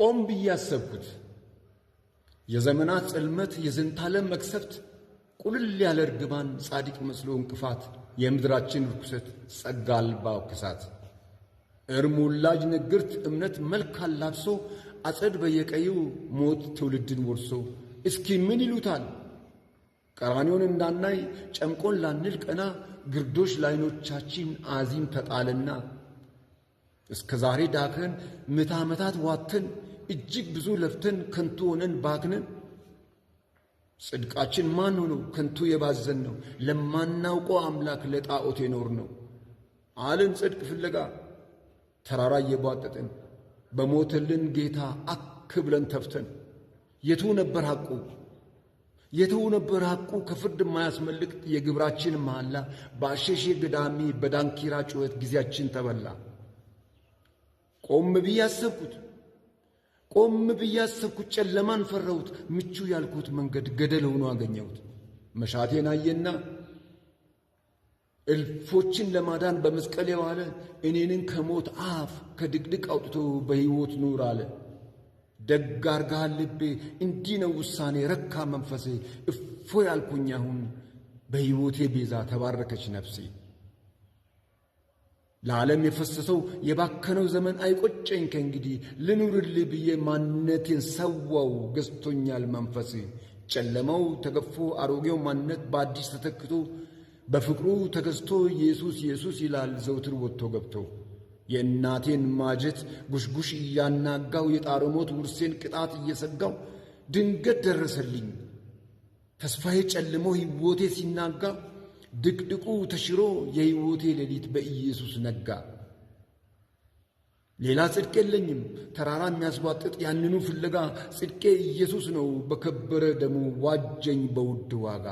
ቆም ብዬ የዘመናት ጽልመት፣ የዝንታለም መክሰፍት፣ ቁልል ያለ እርግማን፣ ጻድቅ መስሎ እንቅፋት፣ የምድራችን ርኩሰት፣ ጸጋ አልባ ክሳት፣ እርሙላጅ ንግርት፣ እምነት መልክ አላብሶ አጸድ በየቀዩ ሞት ትውልድን ወርሶ እስኪ ምን ይሉታል ቀራኒዮን እንዳናይ ጨምቆን ላንል ቀና ግርዶሽ ላይኖቻችን አዚም ተጣለና እስከ ዛሬ ዳክረን ምዕተ ዓመታት ዋትን እጅግ ብዙ ለፍተን ከንቱ ሆነን ባክንን ጽድቃችን ማን ሆኖ ከንቱ የባዘን ነው፣ ለማናውቀው አምላክ ለጣዖት የኖር ነው አልን። ጽድቅ ፍለጋ ተራራ እየቧጠጥን በሞተልን ጌታ አክ ብለን ተፍተን፣ የትው ነበር ሐቁ? የቱ ነበር ሐቁ? ከፍርድ የማያስመልቅ የግብራችን መሐላ በአሸሼ ገዳሚ በዳንኪራ ጩኸት ጊዜያችን ተበላ። ቆም ብዬ አሰብኩት። ቆም ብዬ አሰብኩት። ጨለማን ፈራሁት። ምቹ ያልኩት መንገድ ገደል ሆኖ አገኘሁት። መሻቴን አየና እልፎችን ለማዳን በመስቀል የዋለ እኔንን ከሞት አፍ ከድቅድቅ አውጥቶ በሕይወት ኑር አለ። ደግ አርጋሃል ልቤ፣ እንዲህ ነው ውሳኔ፣ ረካ መንፈሴ። እፎ ያልኩኝ አሁን በሕይወቴ ቤዛ ተባረከች ነፍሴ። ለዓለም የፈሰሰው የባከነው ዘመን አይቆጨኝ ከእንግዲህ ልኑርልህ ብዬ ማንነቴን ሰዋው ገዝቶኛል መንፈስ ጨለማው ተገፎ አሮጌው ማንነት በአዲስ ተተክቶ በፍቅሩ ተገዝቶ ኢየሱስ ኢየሱስ ይላል ዘውትር ወጥቶ ገብቶ የእናቴን ማጀት ጉሽጉሽ እያናጋው የጣረሞት ውርሴን ቅጣት እየሰጋው ድንገት ደረሰልኝ ተስፋዬ ጨልሞ ሕይወቴ ሲናጋ ድቅድቁ ተሽሮ የሕይወቴ ሌሊት በኢየሱስ ነጋ። ሌላ ጽድቅ የለኝም። ተራራ የሚያስቧጥጥ ያንኑ ፍለጋ ጽድቄ ኢየሱስ ነው። በከበረ ደሙ ዋጀኝ በውድ ዋጋ።